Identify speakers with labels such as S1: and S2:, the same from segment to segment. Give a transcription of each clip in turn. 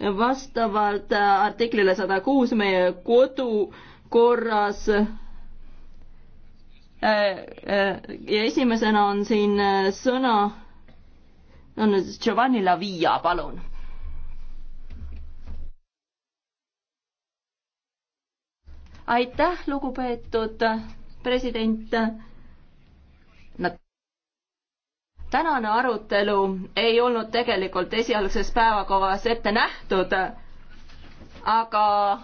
S1: vastavalt äh, artiklile sada kuus meie kodukorras äh, äh, ja esimesena on siin sõna, on Giovanni Lavia, palun. aitäh, lugupeetud president tänane arutelu ei olnud tegelikult esialgses päevakavas ette nähtud, aga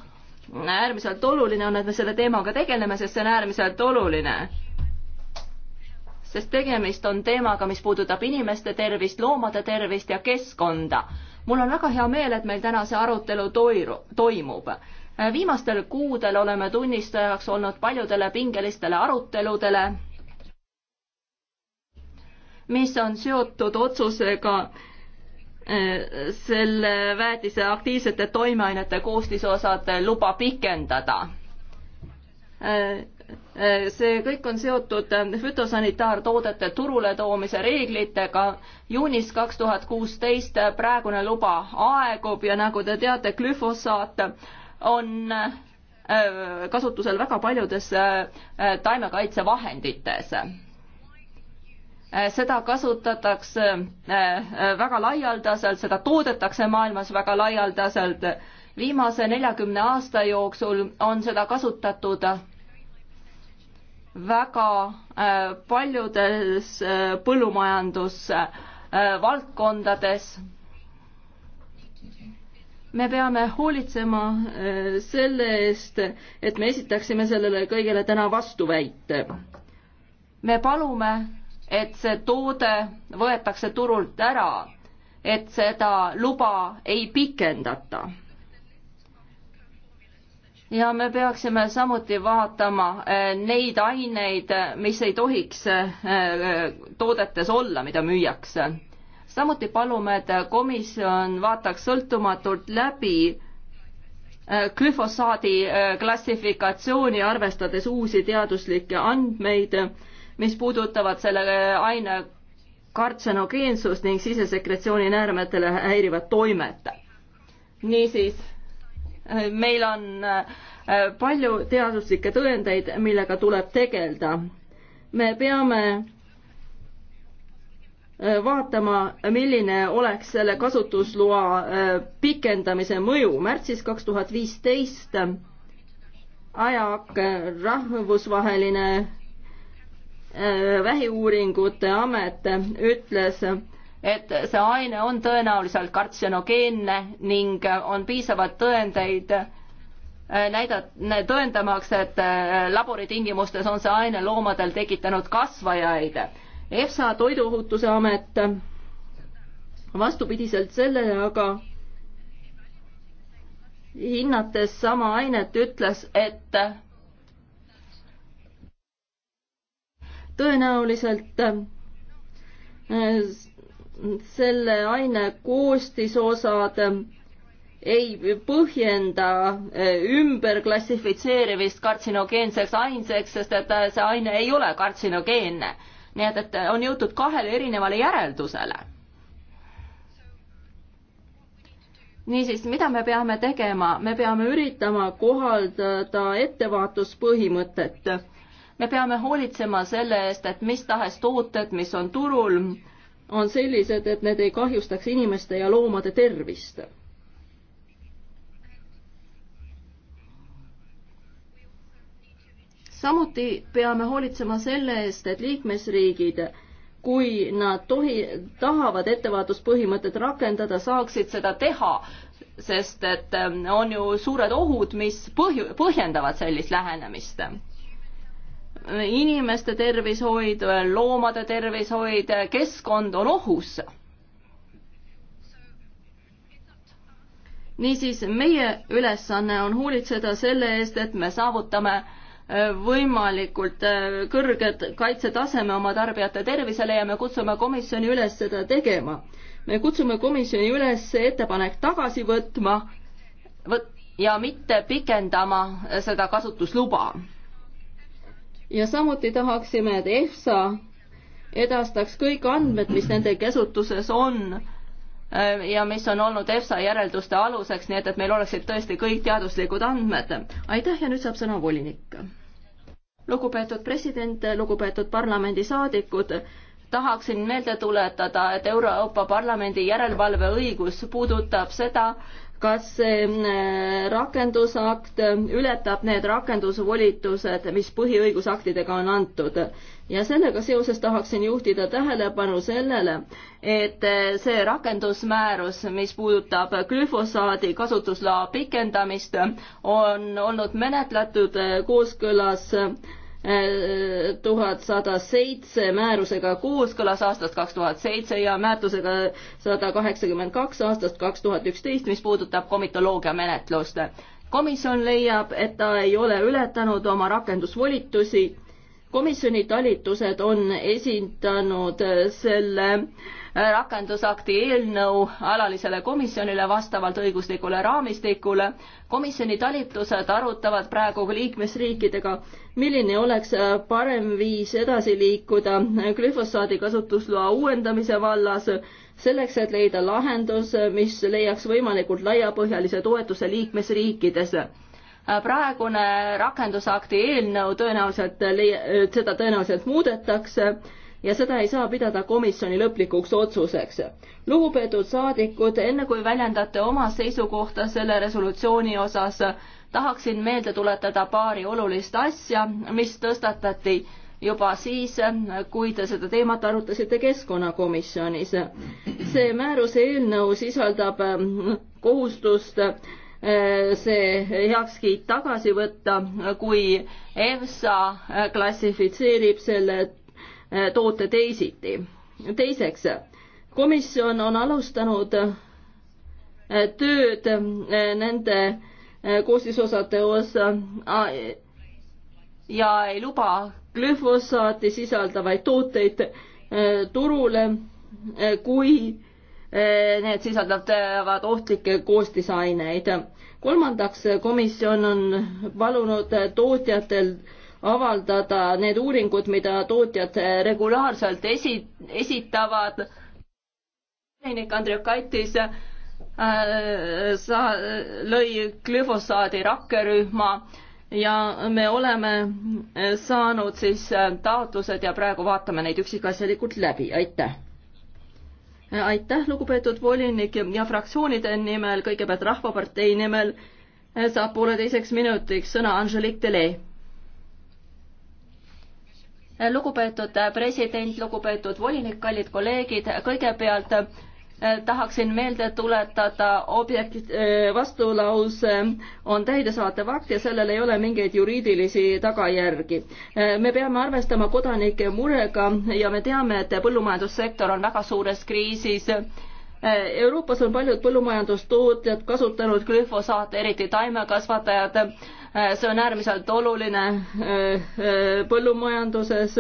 S1: äärmiselt oluline on, et me selle teemaga tegeleme, sest see on äärmiselt oluline. sest tegemist on teemaga, mis puudutab inimeste tervist, loomade tervist ja keskkonda. mul on väga hea meel, et meil täna see arutelu toiru, toimub. viimastel kuudel oleme tunnistajaks olnud paljudele pingelistele aruteludele mis on seotud otsusega eh, selle väetise aktiivsete toimeainete koostisosade luba pikendada. Eh, eh, see kõik on seotud fütosanitaartoodete turule toomise reeglitega. juunis kaks tuhat kuusteist praegune luba aegub ja nagu te teate, glüfosaat on kasutusel väga paljudes taimekaitsevahendites Äh, seda kasutatakse äh, äh, väga laialdaselt, seda toodetakse maailmas väga laialdaselt. viimase neljakümne aasta jooksul on seda kasutatud väga paljudes põllumajandusvaldkondades. me peame hoolitsema selle eest, et me esitaksime sellele kõigele täna vastuväite. me palume et see toode võetakse turult ära, et seda luba ei pikendata. ja me peaksime samuti vaatama eh, neid aineid, mis ei tohiks eh, toodetes olla, mida müüakse. samuti palume, et komisjon vaataks sõltumatult läbi eh, glüfosaadi klassifikatsiooni, arvestades uusi teaduslikke andmeid mis puudutavad selle aine kartsenogeensust ning sisesekretsiooni näärmetele häirivat toimet. niisiis, meil on äh, palju teaduslikke tõendeid, millega tuleb tegeleda. me peame äh, vaatama, milline oleks selle kasutusloa äh, pikendamise mõju. märtsis kaks tuhat viisteist ajak rahvusvaheline Äh, vähiuuringute amet ütles, et see aine on tõenäoliselt kartsenogeenne ning on piisavalt tõendeid äh, näidat-, tõendamaks, et äh, laboritingimustes on see aine loomadel tekitanud kasvajaid. EFSA Toiduohutuse Amet vastupidiselt sellele aga hinnates sama ainet ütles, et tõenäoliselt äh, selle aine koostisosad äh, ei põhjenda äh, ümberklassifitseerimist kartsinogeenseks ainseks, sest et see aine ei ole kartsinogeenne. nii et, et on jõutud kahele erinevale järeldusele. niisiis, mida me peame tegema, me peame üritama kohaldada ettevaatuspõhimõtet me peame hoolitsema selle eest, et mis tahes tooted, mis on turul, on sellised, et need ei kahjustaks inimeste ja loomade tervist. samuti peame hoolitsema selle eest, et liikmesriigid, kui nad tohi, tahavad ettevaatuspõhimõtet rakendada, saaksid seda teha, sest et ähm, on ju suured ohud, mis põhju, põhjendavad sellist lähenemist inimeste tervishoid, loomade tervishoid, keskkond on ohus. niisiis, meie ülesanne on hoolitseda selle eest, et me saavutame äh, võimalikult äh, kõrged kaitsetaseme oma tarbijate tervisele ja me kutsume komisjoni üles seda tegema. me kutsume komisjoni üles see ettepanek tagasi võtma võt- ja mitte pikendama seda kasutusluba ja samuti tahaksime, et EFSA edastaks kõik andmed, mis nende käsutuses on äh, ja mis on olnud EFSA järelduste aluseks, nii et, et meil oleksid tõesti kõik teaduslikud andmed. aitäh ja nüüd saab sõna volinik. lugupeetud president, lugupeetud parlamendisaadikud, tahaksin meelde tuletada, et Euroopa Parlamendi järelevalveõigus puudutab seda, kas see äh, rakendusakt ületab need rakendusvolitused, mis põhiõigusaktidega on antud. ja sellega seoses tahaksin juhtida tähelepanu sellele, et äh, see rakendusmäärus, mis puudutab glüfosaadi kasutusloa pikendamist, on olnud menetletud äh, kooskõlas tuhat sada seitse määrusega kooskõlas aastast kaks tuhat seitse ja määtlusega sada kaheksakümmend kaks aastast kaks tuhat üksteist, mis puudutab komitoloogia menetlust. komisjon leiab, et ta ei ole ületanud oma rakendusvolitusi. komisjoni talitused on esindanud selle äh, rakendusakti eelnõu alalisele komisjonile vastavalt õiguslikule raamistikule. komisjoni talitused arutavad praegu liikmesriikidega, milline oleks äh, parem viis edasi liikuda glüfosaadi kasutusloa uuendamise vallas, selleks et leida lahendus, mis leiaks võimalikult laiapõhjalise toetuse liikmesriikides äh, praegune rakendusakti eelnõu tõenäoliselt, äh, seda tõenäoliselt muudetakse ja seda ei saa pidada komisjoni lõplikuks otsuseks. lugupeetud saadikud, enne kui väljendate oma seisukohta selle resolutsiooni osas, tahaksin meelde tuletada paari olulist asja, mis tõstatati juba siis, kui te seda teemat arutasite keskkonnakomisjonis. see määruse eelnõu sisaldab ähm, kohustust äh, see heakskiit tagasi võtta, kui EFSA klassifitseerib selle Äh, toote teisiti. teiseks, komisjon on alustanud äh, tööd äh, nende koostisosade osa ja ei luba glüfosaati sisaldavaid tooteid turule, kui need sisaldavad ohtlikke koostisaineid. kolmandaks, komisjon on palunud tootjatel äh, avaldada need uuringud, mida tootjad regulaarselt esi, esitavad. tehnik Andriukaitis äh, sa-, lõi glüfosaadi rakkerühma ja me oleme saanud siis äh, taotlused ja praegu vaatame neid üksikasjalikult läbi, aitäh! aitäh, lugupeetud volinik ja fraktsioonide nimel, kõigepealt Rahvapartei nimel saab pooleteiseks minutiks sõna Angelique Delay lugupeetud president, lugupeetud volinik, kallid kolleegid, kõigepealt eh, tahaksin meelde tuletada objekt, eh, vastulause on täidesaatev akt ja sellel ei ole mingeid juriidilisi tagajärgi. Eh, me peame arvestama kodanike murega ja me teame, et põllumajandussektor on väga suures kriisis Euroopas on paljud põllumajandustootjad kasutanud glüfosaate, eriti taimekasvatajad. see on äärmiselt oluline äh, äh, põllumajanduses,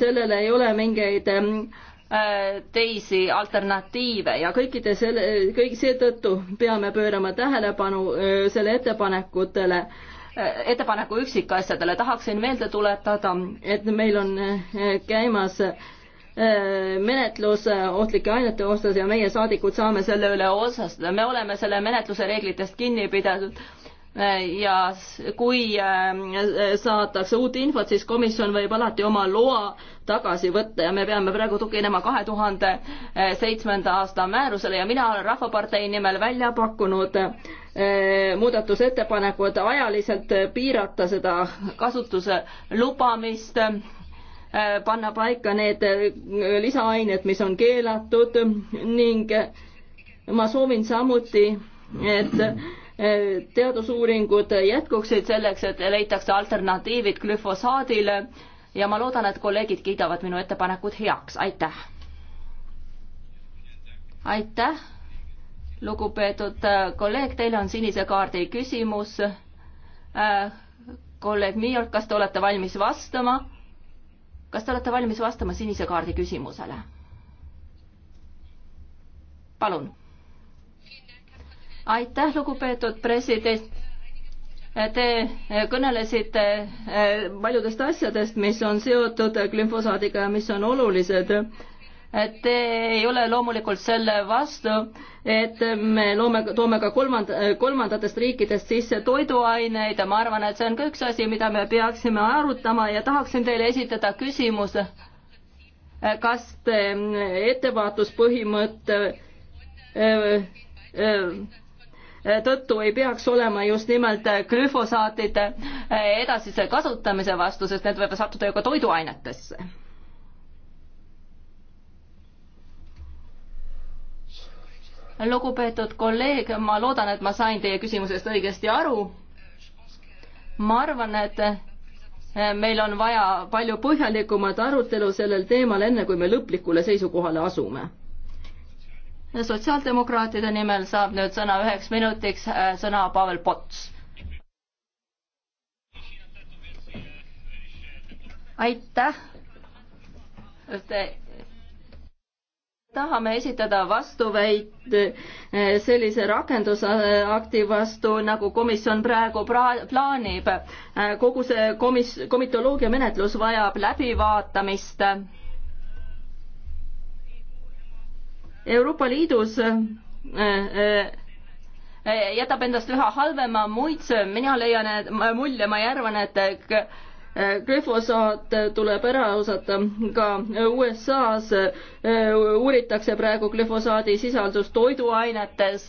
S1: sellel ei ole mingeid äh, teisi alternatiive ja kõikide selle, kõik seetõttu peame pöörama tähelepanu selle ettepanekutele ettepaneku üksikasjadele tahaksin meelde tuletada, et meil on käimas Äh, menetlus äh, ohtlike ainete osas ja meie saadikud saame selle üle otsustada, me oleme selle menetluse reeglitest kinni pidanud äh, ja kui saadakse uut infot, siis komisjon võib alati oma loa tagasi võtta ja me peame praegu tuginema kahe tuhande seitsmenda aasta määrusele ja mina olen Rahvapartei nimel välja pakkunud muudatusettepanekud ajaliselt piirata seda kasutuse lubamist Äh, panna paika need äh, lisaained, mis on keelatud ning äh, ma soovin samuti, et teadusuuringud jätkuksid selleks, et leitakse alternatiivid glüfosaadile ja ma loodan, et kolleegid kiidavad minu ettepanekud heaks, aitäh. aitäh, lugupeetud kolleeg, teile on sinise kaardi küsimus. kolleeg Miiort, kas te olete valmis vastama? kas te olete valmis vastama sinise kaardi küsimusele? palun. aitäh, lugupeetud president. Te kõnelesite eh, paljudest asjadest, mis on seotud glüfosaadiga ja mis on olulised Te ei ole loomulikult selle vastu, et me loome, toome ka kolmand-, kolmandatest riikidest sisse toiduaineid ja ma arvan, et see on ka üks asi, mida me peaksime arutama ja tahaksin teile esitada küsimuse. kas te ettevaatuspõhimõtte e, e, tõttu ei peaks olema just nimelt glüfosaatide e, edasise kasutamise vastu, sest need võivad sattuda ju ka toiduainetesse lugupeetud kolleeg, ma loodan, et ma sain teie küsimusest õigesti aru. ma arvan, et eh, meil on vaja palju põhjalikumat arutelu sellel teemal, enne kui me lõplikule seisukohale asume. sotsiaaldemokraatide nimel saab nüüd sõna üheks minutiks eh, sõna Pavel Pots. aitäh Te tahame esitada vastuväit eh, sellise rakendusakti vastu, nagu komisjon praegu pra-, plaanib. Eh, kogu see komis-, komitoloogia menetlus vajab läbivaatamist. Euroopa Liidus eh, jätab endast üha halvema muitse, mina leian, et mulje, ma ei arvan, et glüfosaat tuleb ära osata ka USA-s äh, uuritakse praegu glüfosaadi sisaldust toiduainetes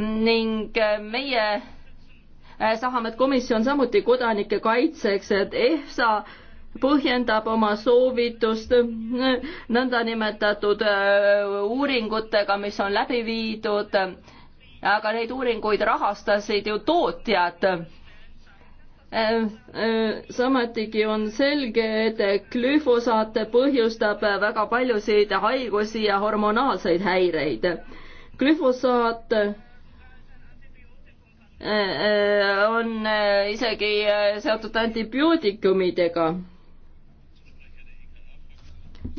S1: ning äh, meie äh, tahame, et komisjon samuti kodanike kaitseks, et EFSA põhjendab oma soovitust nõndanimetatud uuringutega, mis on läbi viidud, aga neid uuringuid rahastasid ju tootjad Äh, äh, samatigi on selge, et glüfosaat põhjustab väga paljusid haigusi ja hormonaalseid häireid. glüfosaat äh, on isegi seotud antibiootikumidega.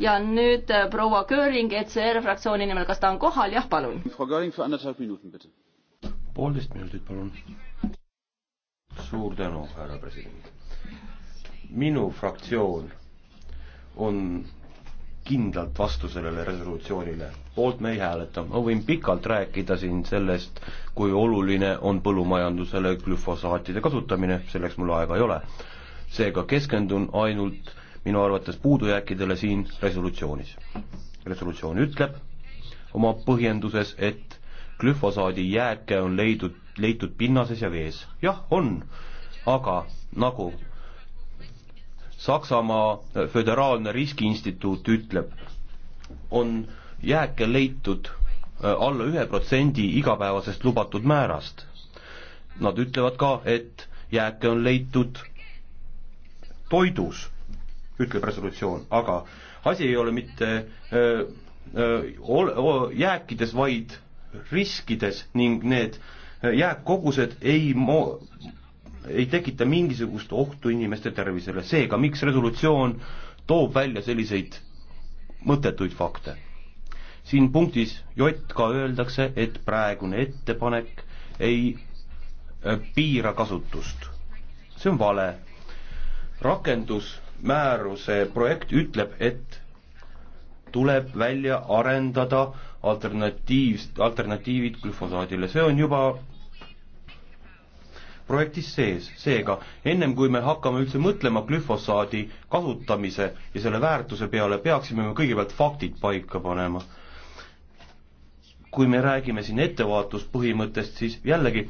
S1: ja nüüd proua Göring, ECR fraktsiooni nimel, kas ta on kohal? jah, palun.
S2: poolteist minutit, palun suur tänu, härra president. minu fraktsioon on kindlalt vastu sellele resolutsioonile, poolt me ei hääleta, ma võin pikalt rääkida siin sellest, kui oluline on põllumajandusele glüfosaatide kasutamine, selleks mul aega ei ole. seega keskendun ainult minu arvates puudujääkidele siin resolutsioonis. resolutsioon ütleb oma põhjenduses, et glüfosaadi jääke on leidnud, leitud pinnases ja vees. jah, on, aga nagu Saksamaa Föderaalne Riskiinstituut ütleb, on jääke leitud äh, alla ühe protsendi igapäevasest lubatud määrast. Nad ütlevad ka, et jääke on leitud toidus, ütleb resolutsioon, aga asi ei ole mitte öö, äh, öö, äh, jääkides, vaid riskides ning need äh, jääkkogused ei mo-, ei tekita mingisugust ohtu inimeste tervisele, seega miks resolutsioon toob välja selliseid mõttetuid fakte? siin punktis J ka öeldakse, et praegune ettepanek ei äh, piira kasutust. see on vale. rakendusmääruse projekt ütleb, et tuleb välja arendada alternatiivs, alternatiivid glüfosaadile, see on juba projektis sees, seega ennem kui me hakkame üldse mõtlema glüfosaadi kasutamise ja selle väärtuse peale, peaksime me kõigepealt faktid paika panema. kui me räägime siin ettevaatuspõhimõttest, siis jällegi,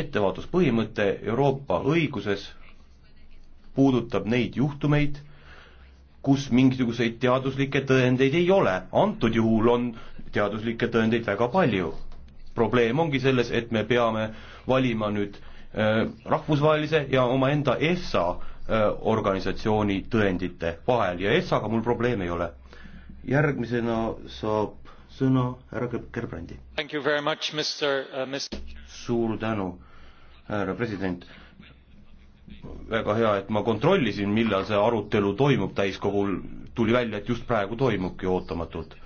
S2: ettevaatuspõhimõte Euroopa õiguses puudutab neid juhtumeid, kus mingisuguseid teaduslikke tõendeid ei ole. antud juhul on teaduslikke tõendeid väga palju. probleem ongi selles, et me peame valima nüüd äh, rahvusvahelise ja omaenda EFSA äh, organisatsiooni tõendite vahel ja EFSA-ga mul probleeme ei ole. järgmisena saab sõna härra Gerbrandi. Äh, suur tänu, härra president väga hea, et ma kontrollisin, millal see arutelu toimub täiskogul, tuli välja, et just praegu toimubki ootamatult.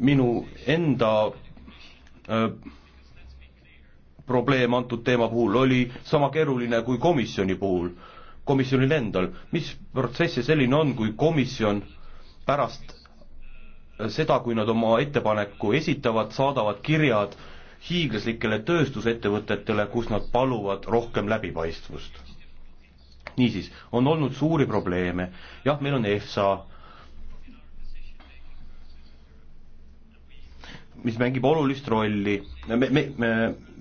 S2: minu enda öö, probleem antud teema puhul oli sama keeruline kui komisjoni puhul, komisjonil endal. mis protsess see selline on, kui komisjon pärast seda, kui nad oma ettepaneku esitavad, saadavad kirjad äh, hiiglaslikele tööstusettevõtetele, kus nad paluvad rohkem läbipaistvust. niisiis, on olnud suuri probleeme, jah, meil on EFSA, mis mängib olulist rolli, me, me, me,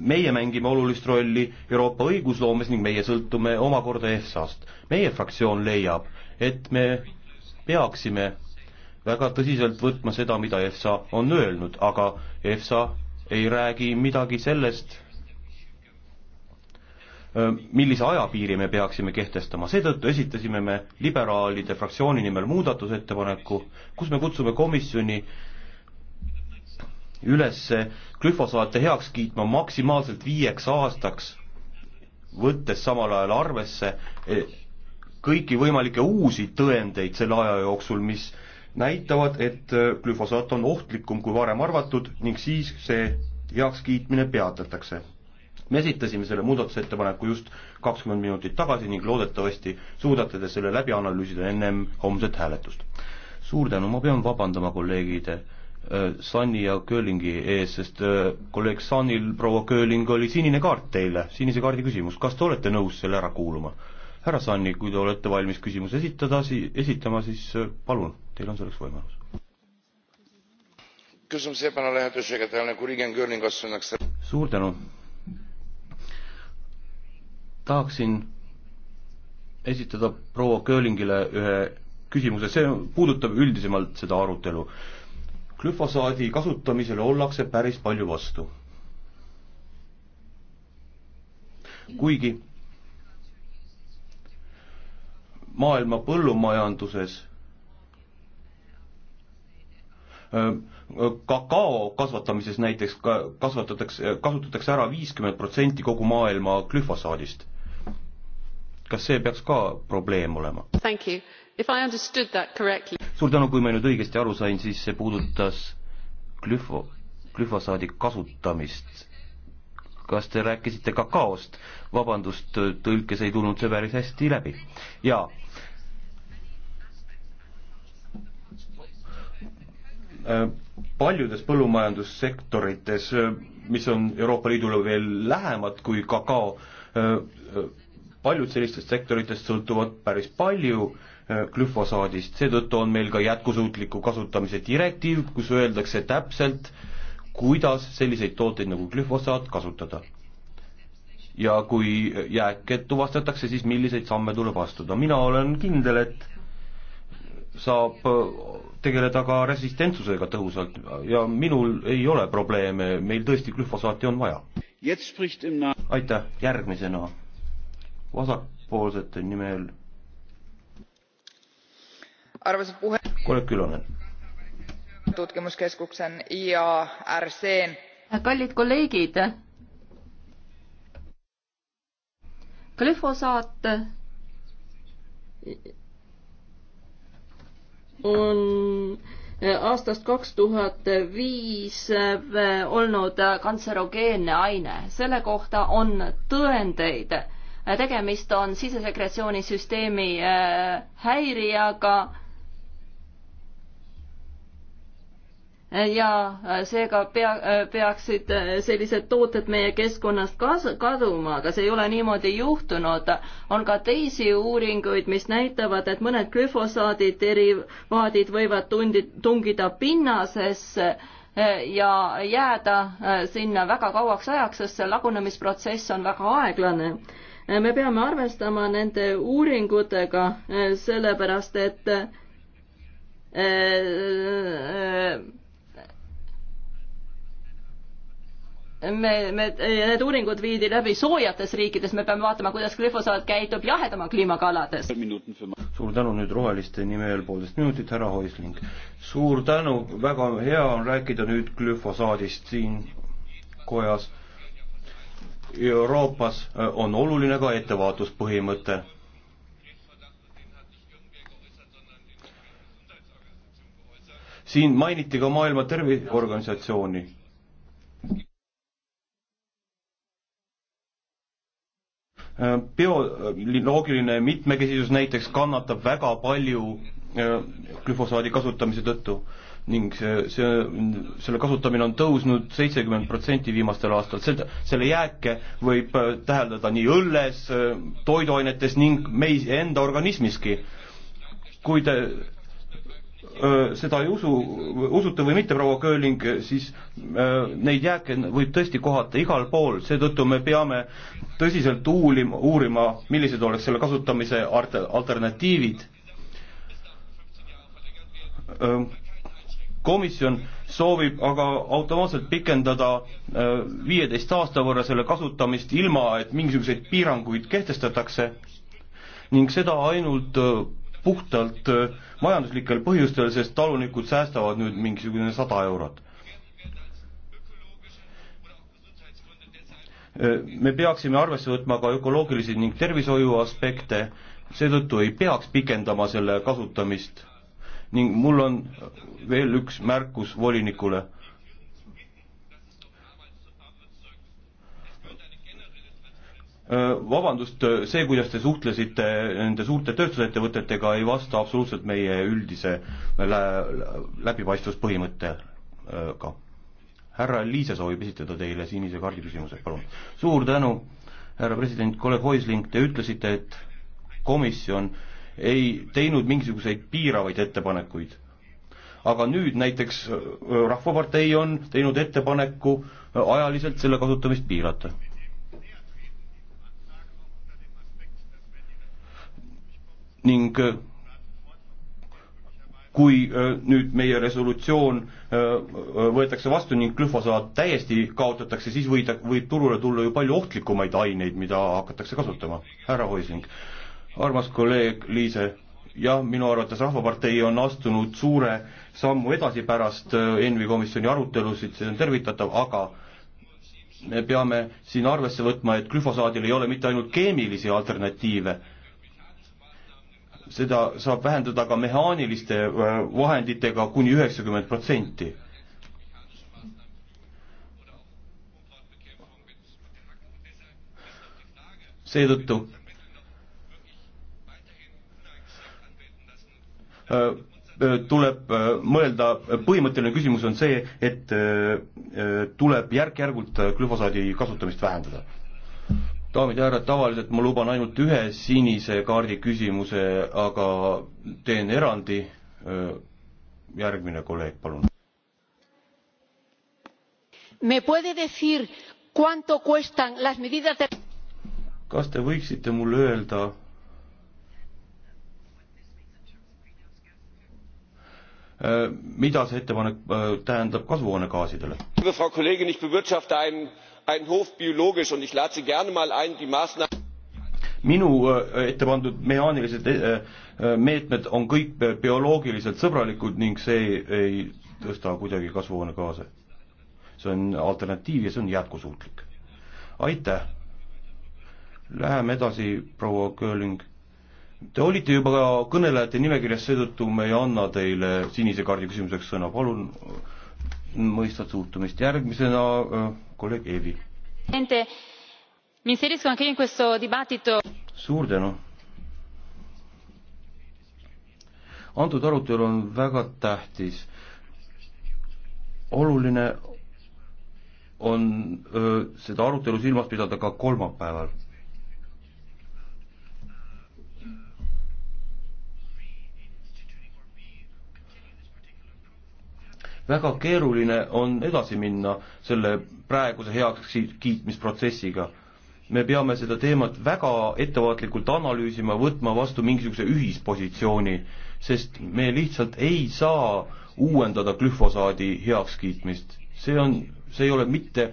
S2: meie mängime olulist rolli Euroopa õigusloomes ning meie sõltume omakorda EFSA-st. meie fraktsioon leiab, et me peaksime väga tõsiselt võtma seda, mida EFSA on öelnud, aga EFSA ei räägi midagi sellest, millise ajapiiri me peaksime kehtestama, seetõttu esitasime me liberaalide fraktsiooni nimel muudatusettepaneku, kus me kutsume komisjoni üles glüfosaate heaks kiitma maksimaalselt viieks aastaks, võttes samal ajal arvesse e, kõiki võimalikke uusi tõendeid selle aja jooksul, mis näitavad, et äh, glüfosaat on ohtlikum kui varem arvatud ning siis see heakskiitmine peatatakse. me esitasime selle muudatusettepaneku just kakskümmend minutit tagasi ning loodetavasti suudate te selle läbi analüüsida ennem homset hääletust. suur tänu, ma pean vabandama kolleegide äh, Sanni ja Köölingi ees, sest äh, kolleeg Sannil, proua Kööling, oli sinine kaart teile, sinise kaardi küsimus, kas te olete nõus selle ära kuuluma? härra Sanni, kui te olete valmis küsimuse esitada, si-, esitama, siis palun Teil on selleks võimalus. suur tänu. tahaksin esitada proua Köölingile ühe küsimuse, see puudutab üldisemalt seda arutelu. glüfosaadi kasutamisele ollakse päris palju vastu. kuigi maailma põllumajanduses kakao kasvatamises näiteks ka kasvatatakse, kasutatakse ära viiskümmend protsenti kogu maailma glüfosaadist. kas see peaks ka probleem olema? suur tänu, kui ma nüüd õigesti aru sain, siis see puudutas glüfo, glüfosaadi kasutamist. kas te rääkisite kakaost? vabandust, tõlkes ei tulnud see päris hästi läbi. jaa Äh, paljudes põllumajandussektorites, äh, mis on Euroopa Liidule veel lähemad kui kakao, äh, paljud sellistest sektoritest sõltuvad päris palju glüfosaadist, seetõttu on meil ka jätkusuutliku kasutamise direktiiv, kus öeldakse täpselt, kuidas selliseid tooteid nagu glüfosaat kasutada. ja kui jääked tuvastatakse, siis milliseid samme tuleb astuda, mina olen kindel, et saab tegeleda ka resistentsusega tõhusalt ja minul ei ole probleeme, meil tõesti glüfosaati on vaja. aitäh, järgmisena vasakpoolsete nimel. kolleeg Külonen.
S1: tutkimuskeskuksen IARC-n. kallid kolleegid. glüfosaat on äh, aastast kaks tuhat viis äh, olnud kantserogeenne aine. selle kohta on tõendeid. Äh, tegemist on sisesekretsioonisüsteemi häirijaga ja äh, seega pea, äh, peaksid äh, sellised tooted meie keskkonnast kas-, kaduma, aga see ei ole niimoodi juhtunud. on ka teisi uuringuid, mis näitavad, et mõned glüfosaadi derivaadid võivad tundi, tungida pinnasesse ja jääda sinna väga kauaks ajaks, sest see lagunemisprotsess on väga aeglane me peame arvestama nende uuringutega, sellepärast et äh, äh, me, me, need uuringud viidi läbi soojates riikides, me peame vaatama, kuidas glüfosaat käitub jahedama kliimaga alades.
S2: suur tänu nüüd Roheliste nimel poolteist minutit, härra Hoisling. suur tänu, väga hea on rääkida nüüd glüfosaadist siin kojas. Euroopas äh, on oluline ka ettevaatuspõhimõte siin mainiti ka Maailma Terviseorganisatsiooni. Äh, bioloogiline äh, mitmekesisus näiteks kannatab väga palju äh, glüfosaadi kasutamise tõttu ning see, see, selle kasutamine on tõusnud seitsekümmend protsenti viimastel aastatel, seda, selle jääke võib täheldada nii õlles, toiduainetes ning meis enda organismiski. kui te seda ei usu, usute või mitte, proua Kööling, siis neid jääke võib tõesti kohata igal pool, seetõttu me peame tõsiselt uulima, uurima, millised oleks selle kasutamise alternatiivid. komisjon soovib aga automaatselt pikendada viieteist aasta võrra selle kasutamist, ilma et mingisuguseid piiranguid kehtestatakse ning seda ainult puhtalt äh, majanduslikel põhjustel, sest talunikud säästavad nüüd mingisugune sada eurot. Äh, me peaksime arvesse võtma ka ökoloogilisi ning tervishoiu aspekte, seetõttu ei peaks pikendama selle kasutamist. ning mul on veel üks märkus volinikule vabandust, see, kuidas te suhtlesite nende suurte tööstusettevõtetega, ei vasta absoluutselt meie üldise äh, lä läbipaistvuspõhimõttega. Äh, härra Liise soovib esitada teile sinise kaardi küsimuse, palun. suur tänu, härra president, kolleeg Hoisling, te ütlesite, et komisjon ei teinud mingisuguseid piiravaid ettepanekuid aga nüüd näiteks äh, Rahvapartei on teinud ettepaneku ajaliselt selle kasutamist piirata ning äh, kui äh, nüüd meie resolutsioon äh, võetakse vastu ning glüfosaat täiesti kaotatakse, siis või ta, võib turule tulla ju palju ohtlikumaid aineid, mida hakatakse kasutama. härra Hoisling, armas kolleeg Liise, jah, minu arvates Rahvapartei on astunud suure sammu edasi pärast ENVI komisjoni arutelusid, see on tervitatav, aga me peame siin arvesse võtma, et glüfosaadil ei ole mitte ainult keemilisi alternatiive seda saab vähendada ka mehaaniliste äh, vahenditega kuni üheksakümmend protsenti. seetõttu äh, äh, tuleb mõelda, põhimõtteline küsimus on see, et tuleb järk-järgult glüfosaadi kasutamist vähendada daamid ja härrad, tavaliselt ma luban ainult ühe sinise kaardi küsimuse, aga teen erandi. järgmine kolleeg, palun.
S1: Me puede decir cuánto cuestan las medidas de
S2: kas te võiksite mulle öelda, Äh, mida see ettepanek äh, tähendab kasvuhoonegaasidele? liebe frau kollegin ich bewirtschafte einen, einen hof biologisch und ich lade sie gerne mal ein die maßnahmen minu äh, ette pandud mehaanilised meetmed on kõik bioloogiliselt sõbralikud ning see ei tõsta kuidagi kasvuhoonegaase. see on alternatiiv ja see on jätkusuutlik. aitäh. Läheme edasi, proua Kööling Te olite juba kõnelejate nimekirjas, seetõttu me ei anna teile sinise kaardi küsimuseks sõna, palun äh, mõistad suhtumist. järgmisena äh, kolleeg Eevi. suur tänu. antud arutelu on väga tähtis. oluline on öö, äh, seda arutelu silmas pidada ka kolmapäeval väga keeruline on edasi minna selle praeguse heakskiitmisprotsessiga. me peame seda teemat väga ettevaatlikult analüüsima, võtma vastu mingisuguse ühispositsiooni, sest me lihtsalt ei saa uuendada glüfosaadi heakskiitmist. see on, see ei ole mitte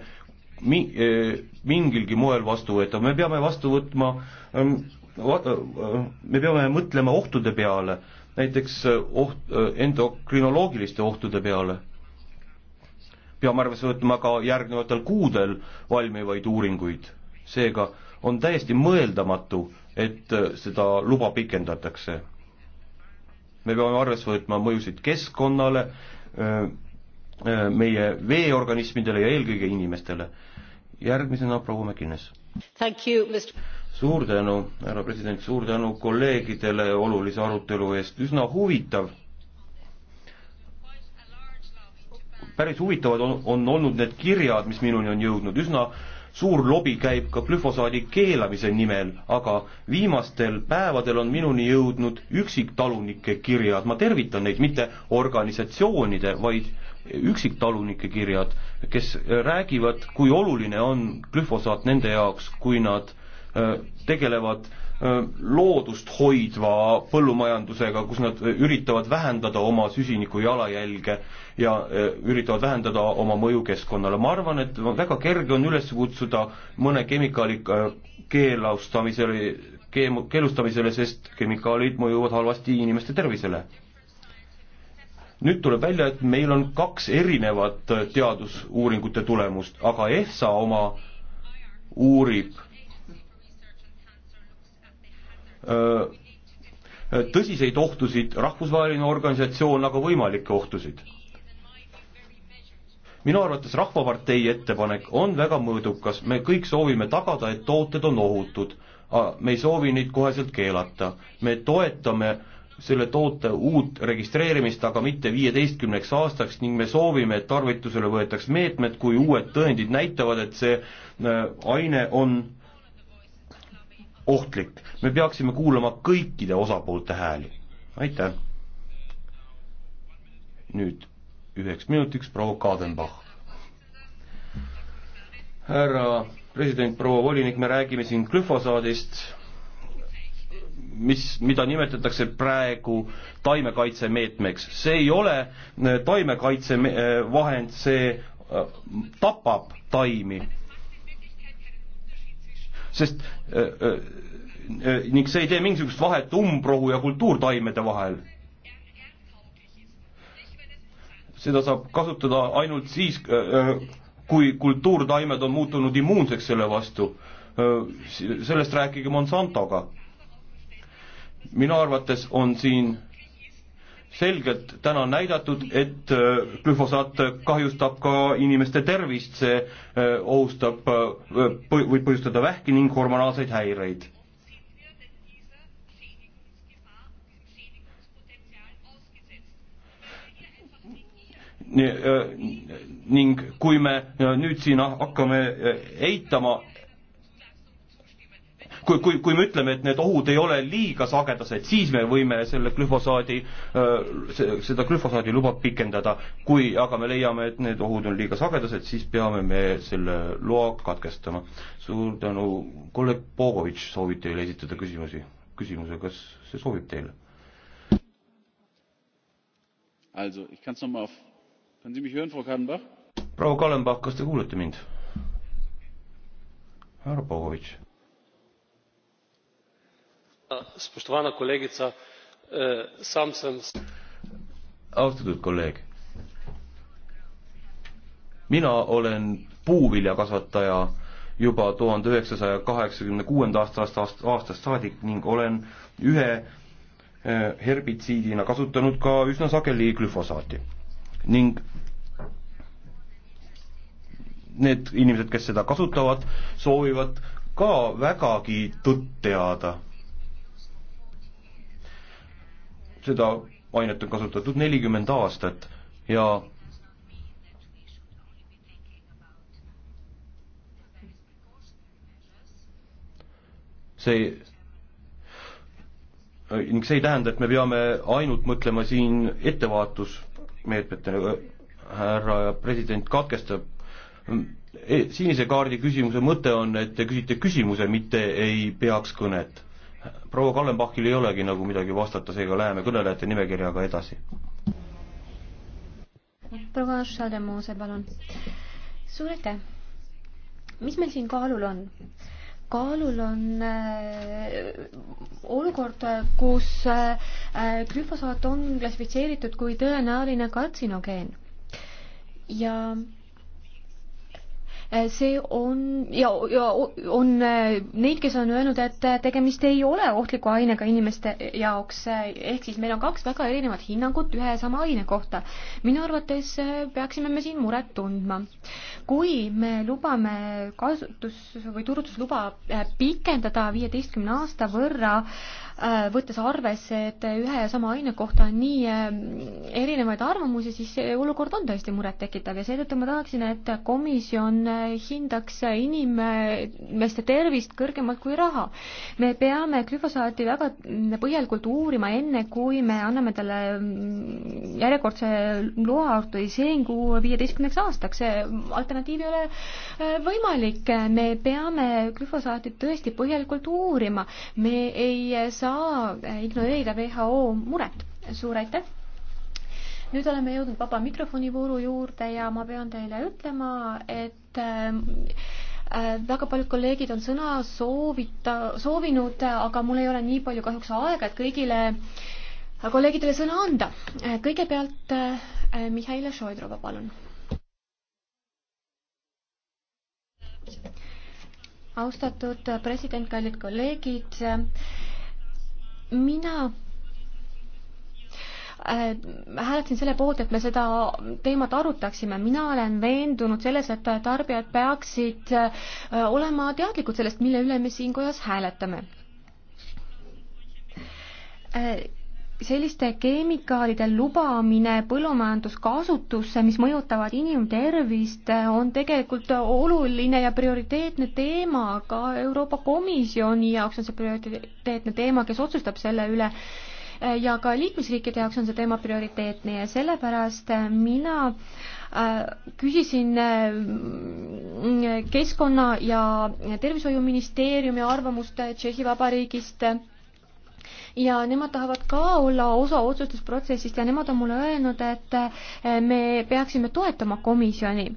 S2: mi-, e, mingilgi moel vastuvõetav, me peame vastu võtma ähm, äh, me peame mõtlema ohtude peale näiteks äh, oht, äh, endokrinoloogiliste ohtude peale. peame arvesse võtma ka järgnevatel kuudel valmivaid uuringuid, seega on täiesti mõeldamatu, et äh, seda luba pikendatakse. me peame arvesse võtma mõjusid keskkonnale, meie veeorganismidele ja eelkõige inimestele. järgmisena proua Mäkines suur tänu, härra president, suur tänu kolleegidele olulise arutelu eest, üsna huvitav. päris huvitavad on, on olnud need kirjad, mis minuni on jõudnud, üsna suur lobi käib ka glüfosaadi keelamise nimel, aga viimastel päevadel on minuni jõudnud üksiktalunike kirjad, ma tervitan neid, mitte organisatsioonide, vaid üksiktalunike kirjad, kes räägivad, kui oluline on glüfosaat nende jaoks, kui nad Äh, tegelevad äh, loodust hoidva põllumajandusega, kus nad äh, üritavad vähendada oma süsiniku jalajälge ja üritavad vähendada oma mõju keskkonnale. ma arvan, et väga kerge on üles kutsuda mõne kemikaali keelustamisele, keem-, keelustamisele, sest kemikaalid mõjuvad halvasti inimeste tervisele nüüd tuleb välja, et meil on kaks erinevat teadusuuringute tulemust, aga EFSA oma uurib Äh, äh, tõsiseid ohtusid, rahvusvaheline organisatsioon aga võimalikke ohtusid. minu arvates Rahvapartei ettepanek on väga mõõdukas, me kõik soovime tagada, et tooted on ohutud. me ei soovi neid koheselt keelata, me toetame selle toote uut registreerimist, aga mitte viieteistkümneks aastaks ning me soovime, et tarvitusele võetaks meetmed, kui uued tõendid näitavad, et see äh, aine on ohtlik. me peaksime kuulama kõikide osapoolte hääli. aitäh! nüüd üheks minutiks proua Kadenbach. härra president, proua volinik, me räägime siin glüfosaadist, mis, mida nimetatakse praegu taimekaitsemeetmeks. see ei ole äh, taimekaitsevahend, äh, see äh, tapab taimi sest äh, äh, äh, ning see ei tee mingisugust vahet umbrohu ja kultuurtaimede vahel. seda saab kasutada ainult siis, kui kultuurtaimed on muutunud immuunseks selle vastu. sellest rääkige Monsantoga. minu arvates on siin selgelt täna on näidatud, et äh, glüfosaat kahjustab ka inimeste tervist, see äh, ohustab, äh, võib põhjustada vähki ning hormonaalseid häireid. ning kui me nüüd siin hakkame eitama kui, kui, kui me ütleme, et need ohud ei ole liiga sagedased, siis me võime selle glüfosaadi, seda glüfosaadi luba pikendada. kui aga me leiame, et need ohud on liiga sagedased, siis peame me selle loa katkestama. suur tänu, kolleeg Bogovitš soovib teile esitada küsimusi, küsimuse, kas see sobib teile? Also, ich kann es nochmal auf. Können Sie mich hören, Frau Kadenbach? proua Kallenbach, kas te kuulete mind? härra Pogovitš spoštovana kolegica eh, sam sem. austatud kolleeg mina olen puuviljakasvataja juba tuhande üheksasaja kaheksakümne kuuenda aasta aastast, aastast saadik ning olen ühe eh, herbitsiidina kasutanud ka üsna sageli glüfosaati ning need inimesed, kes seda kasutavad, soovivad ka vägagi tõtt teada seda ainet on kasutatud nelikümmend aastat ja see ning see ei tähenda, et me peame ainult mõtlema siin ettevaatusmeetmetele, härra president katkestab. E, sinise kaardi küsimuse mõte on, et te küsite küsimuse, mitte ei peaks kõnet proua Kallenbachil ei olegi nagu midagi vastata, seega läheme kõnelejate nimekirjaga edasi.
S3: proua Šademuse, palun. suur aitäh. mis meil siin kaalul on? kaalul on äh, olukord, kus äh, glüfosaat on klassifitseeritud kui tõenäoline kartsinogeen ja äh, Äh, see on ja, ja on äh, neid, kes on öelnud, et äh, tegemist ei ole ohtliku ainega inimeste jaoks, ehk siis meil on kaks väga erinevat hinnangut ühe ja sama aine kohta. minu arvates peaksime me siin muret tundma. kui me lubame kasutus- või turundusluba pikendada viieteistkümne aasta võrra, Äh, võttes arvesse, et ühe ja sama aine kohta on nii äh, erinevaid arvamusi, siis see olukord on tõesti murettekitav ja seetõttu ma tahaksin, et komisjon äh, hindaks inimeste tervist kõrgemalt kui raha. me peame glüfosaati väga põhjalikult uurima, enne kui me anname talle mm, järjekordse loa autoriseeringu viieteistkümneks aastaks, alternatiivi ei ole võimalik, me peame glüfosaati tõesti põhjalikult uurima, me ei saa saa ignoreerida WHO muret. suur aitäh! nüüd oleme jõudnud vaba mikrofoni vooru juurde ja ma pean teile ütlema, et äh, väga paljud kolleegid on sõna soovita, soovinud, aga mul ei ole nii palju kahjuks aega, et kõigile kolleegidele sõna anda. kõigepealt äh, Mihhail Šoidrova, palun. austatud president, kallid kolleegid mina äh, hääletasin selle poolt, et me seda teemat arutaksime. mina olen veendunud selles, et tarbijad peaksid äh, olema teadlikud sellest, mille üle me siin kojas hääletame äh, selliste keemikaalide lubamine põllumajanduskasutusse, mis mõjutavad inimtervist, on tegelikult oluline ja prioriteetne teema, ka Euroopa Komisjoni jaoks on see prioriteetne teema, kes otsustab selle üle, ja ka liikmesriikide jaoks on see teema prioriteetne ja sellepärast mina äh, küsisin äh, Keskkonna- ja Tervishoiuministeeriumi arvamust Tšehhi Vabariigist ja nemad tahavad ka olla osa otsustusprotsessist ja nemad on mulle öelnud, et eh, me peaksime toetama komisjoni.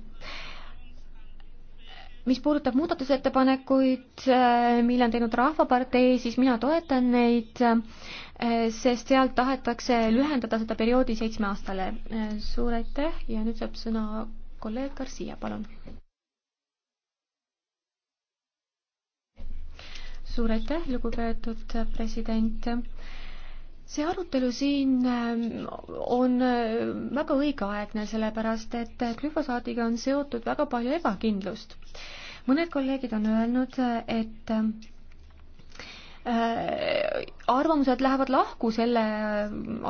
S3: mis puudutab muudatusettepanekuid, eh, mille on teinud Rahvapartei, siis mina toetan neid, eh, sest sealt tahetakse lühendada seda perioodi seitsme aastale. suur aitäh ja nüüd saab sõna kolleeg Garcia, palun. suur aitäh, lugupeetud president see arutelu siin ähm, on äh, väga õigeaegne, sellepärast et äh, glüfosaadiga on seotud väga palju ebakindlust. mõned kolleegid on öelnud, äh, et arvamused lähevad lahku selle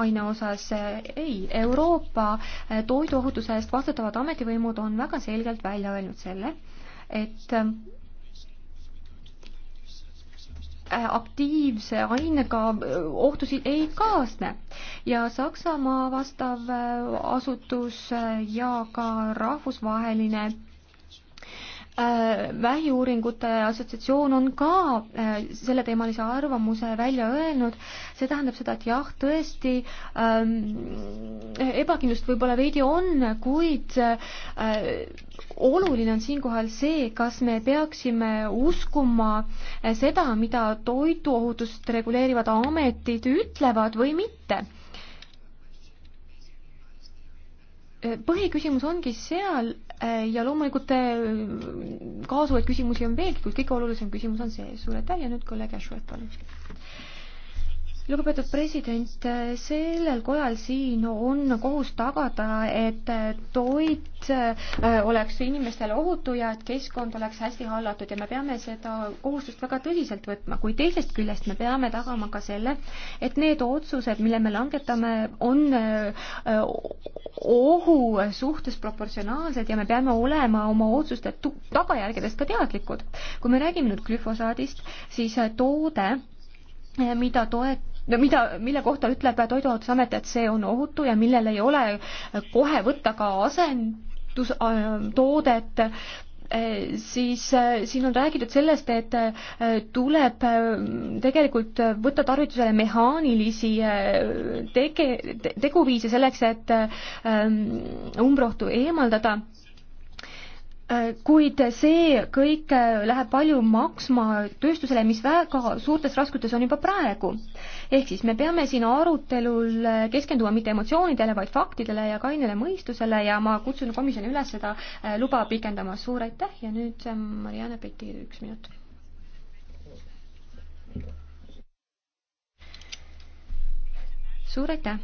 S3: aine osas. ei, Euroopa toiduohutuse eest vastutavad ametivõimud on väga selgelt välja öelnud selle, et Äh, aktiivse ainega äh, ohtusid ei kaasne. ja Saksamaa vastav äh, asutus ja ka rahvusvaheline Äh, vähiuuringute assotsiatsioon on ka äh, selleteemalise arvamuse välja öelnud, see tähendab seda, et jah, tõesti ähm, ebakindlust võib-olla veidi on, kuid äh, oluline on siinkohal see, kas me peaksime uskuma äh, seda, mida toiduohutust reguleerivad ametid ütlevad või mitte põhiküsimus ongi seal äh, ja loomulikult äh, kaasuvaid küsimusi on veelgi, kuid kõige olulisem küsimus on see. suur aitäh ja nüüd kolleeg Ashworth, palun lugupeetud president, sellel kojal siin on kohus tagada, et toit äh, oleks inimestele ohutu ja et keskkond oleks hästi hallatud ja me peame seda kohustust väga tõsiselt võtma, kui teisest küljest me peame tagama ka selle, et need otsused, mille me langetame, on äh, ohu suhtes proportsionaalsed ja me peame olema oma otsuste tagajärgedest ka teadlikud. kui me räägime nüüd glüfosaadist, siis äh, toode mida toet-, no mida, mille kohta ütleb Toiduohutusamet, et see on ohutu ja millel ei ole kohe võtta ka asendustoodet, äh, äh, siis äh, siin on räägitud sellest, et tuleb tegelikult võtta tarvitusele mehaanilisi tege-, teguviise selleks, et ähm, umbrohtu eemaldada Äh, kuid see kõik äh, läheb palju maksma tööstusele, mis väga suurtes raskustes on juba praegu. ehk siis me peame siin arutelul äh, keskenduma mitte emotsioonidele, vaid faktidele ja kainele mõistusele ja ma kutsun komisjoni üles seda luba pikendama. suur aitäh ja nüüd ähm, Marianne Petir, üks minut. suur aitäh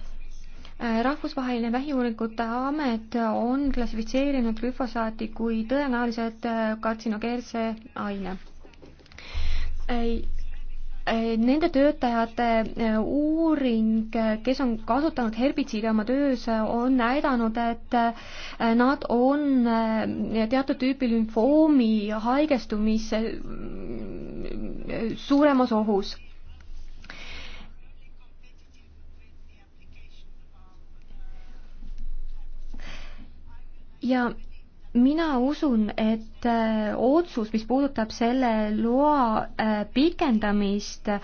S3: rahvusvaheline Vähiuuringute Amet on klassifitseerinud glüfosaati kui tõenäoliselt äh, kartsinogeerse aine. Äh, nende töötajate äh, uuring, kes on kasutanud herbitsiide oma töös, on näidanud, et nad on teatud tüüpi lümfoomi haigestumise
S1: mm,
S3: suuremas ohus ja mina usun, et äh, otsus, mis puudutab selle loa äh, pikendamist, äh,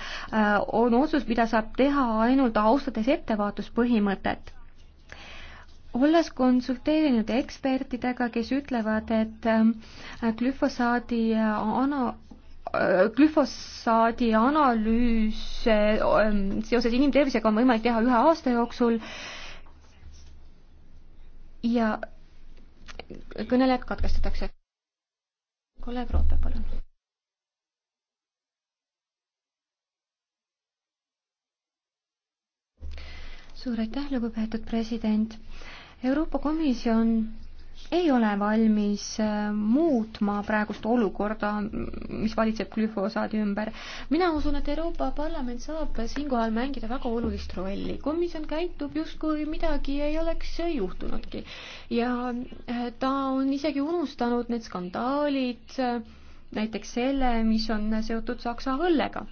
S3: on otsus, mida saab teha ainult austades ettevaatuspõhimõtet. olles konsulteerinud ekspertidega, kes ütlevad, et glüfosaadi ana-, glüfosaadi analüüs ähm, seoses inimtervisega on võimalik teha ühe aasta jooksul ja kõnelejad katkestatakse. kolleeg Roope, palun. suur aitäh, lugupeetud president. Euroopa Komisjon ei ole valmis äh, muutma praegust olukorda, mis valitseb glüfosaadi ümber. mina usun, et Euroopa Parlament saab siinkohal mängida väga olulist rolli. komisjon käitub justkui midagi ei oleks juhtunudki ja äh, ta on isegi unustanud need skandaalid, äh, näiteks selle, mis on seotud Saksa õllega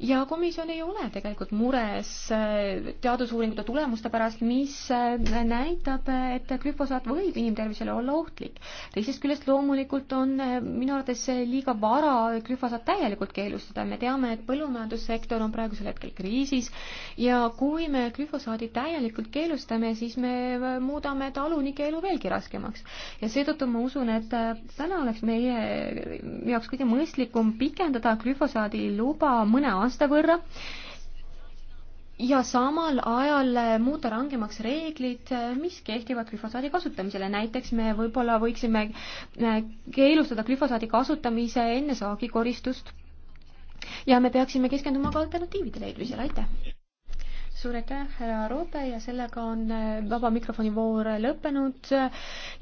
S3: ja komisjon ei ole tegelikult mures äh, teadusuuringute tulemuste pärast, mis äh, näitab, et glüfosaat võib inimtervisele olla ohtlik. teisest küljest loomulikult on äh, minu arvates liiga vara glüfosaat täielikult keelustada, me teame, et põllumajandussektor on praegusel hetkel kriisis ja kui me glüfosaadi täielikult keelustame, siis me muudame talunike elu veelgi raskemaks. ja seetõttu ma usun, et täna oleks meie jaoks kõige mõistlikum pikendada glüfosaadi luba mõne aasta aasta võrra ja samal ajal muuta rangemaks reeglid, mis kehtivad glüfosaadi kasutamisele, näiteks me võib-olla võiksime äh, keelustada glüfosaadi kasutamise enne saagikoristust ja me peaksime keskenduma ka alternatiivide leidmisele, aitäh! suur aitäh, härra Roope ja sellega on äh, vaba mikrofoni voor lõppenud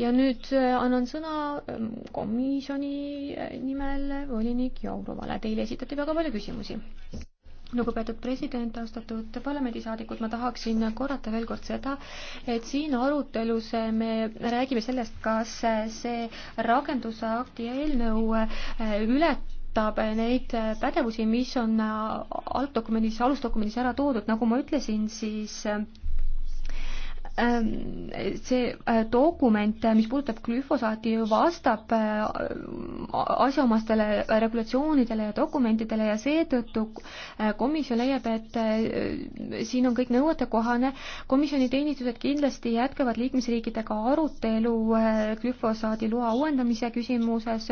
S3: ja nüüd äh, annan sõna ähm, komisjoni äh, nimel volinik Jourovale. Teile esitati väga palju küsimusi lugupeetud president, austatud parlamendisaadikud, ma tahaksin korrata veel kord seda, et siin arutelus me räägime sellest, kas see rakendusakti eelnõu ületab puudutab neid pädevusi, mis on algdokumendis, alusdokumendis ära toodud, nagu ma ütlesin, siis Ähm, see äh, dokument, äh, mis puudutab glüfosaati, ju vastab äh, asjaomastele regulatsioonidele ja dokumentidele ja seetõttu komisjon leiab, et siin on kõik nõuetekohane. komisjoni teenistused kindlasti jätkavad liikmesriikidega arutelu glüfosaadi loa uuendamise küsimuses,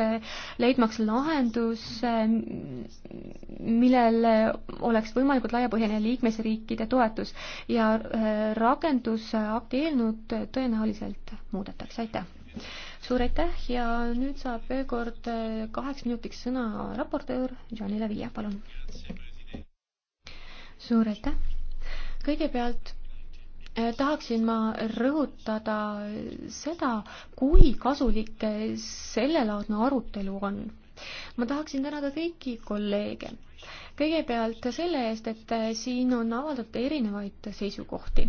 S3: leidmaks lahendus, millel oleks võimalikult laiapõhjaline liikmesriikide toetus ja rakendus akti eelnõud tõenäoliselt muudetakse, aitäh! suur aitäh ja nüüd saab veel kord eh, kaheks minutiks sõna raportöör Janile Viia, palun! suur aitäh! kõigepealt eh, tahaksin ma rõhutada seda, kui kasulik sellelaadne arutelu on. ma tahaksin tänada kõiki kolleege. kõigepealt selle eest, et eh, siin on avaldatud erinevaid seisukohti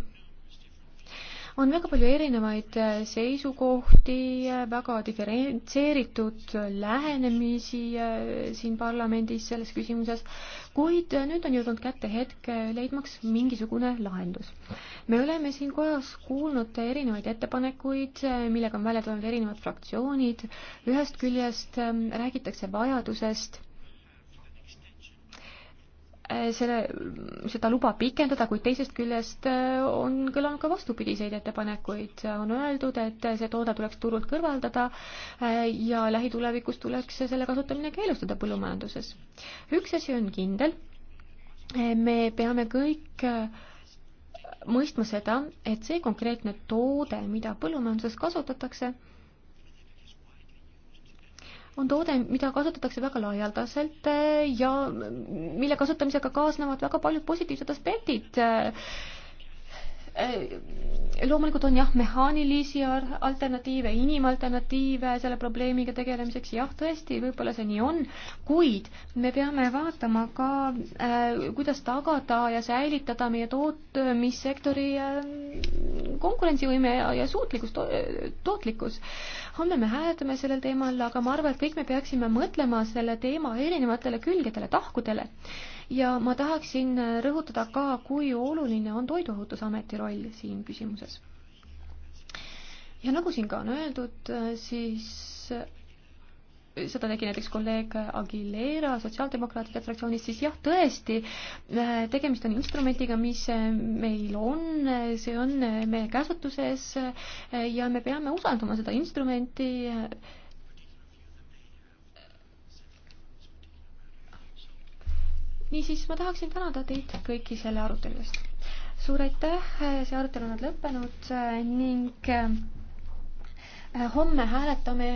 S3: on väga palju erinevaid äh, seisukohti, äh, väga diferentseeritud lähenemisi äh, siin parlamendis selles küsimuses, kuid nüüd on jõudnud kätte hetk leidmaks mingisugune lahendus. me oleme siin kojas kuulnud erinevaid ettepanekuid, millega on välja tulnud erinevad fraktsioonid, ühest küljest ähm, räägitakse vajadusest Äh, selle, seda luba pikendada, kuid teisest küljest äh, on kõlanud ka vastupidiseid ettepanekuid. on öeldud, et see toode tuleks turult kõrvaldada äh, ja lähitulevikus tuleks selle kasutamine keelustada põllumajanduses. üks asi on kindel, me peame kõik mõistma seda, et see konkreetne toode, mida põllumajanduses kasutatakse, on toode, mida kasutatakse väga laialdaselt äh, ja mille kasutamisega kaasnevad väga paljud positiivsed aspektid äh, Äh, loomulikult on jah, mehaanilisi alternatiive, inimalternatiive selle probleemiga tegelemiseks, jah, tõesti, võib-olla see nii on, kuid me peame vaatama ka äh,, kuidas tagada ja säilitada meie tootmissektori äh, konkurentsivõime ja, ja suutlikkus to,, tootlikkus. homme me hääletame sellel teemal, aga ma arvan, et kõik me peaksime mõtlema selle teema erinevatele külgedele, tahkudele ja ma tahaksin rõhutada ka, kui oluline on Toiduohutusameti roll siin küsimuses. ja nagu siin ka on öeldud, siis seda tegi näiteks kolleeg Aguilera Sotsiaaldemokraatide fraktsioonist, siis jah, tõesti, tegemist on instrumendiga, mis meil on, see on meie käsutuses ja me peame usaldama seda instrumenti niisiis, ma tahaksin tänada teid kõiki selle arutelu eest. suur aitäh, äh, see arutelu on nüüd lõppenud äh, ning äh, homme hääletame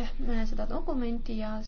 S3: seda dokumenti ja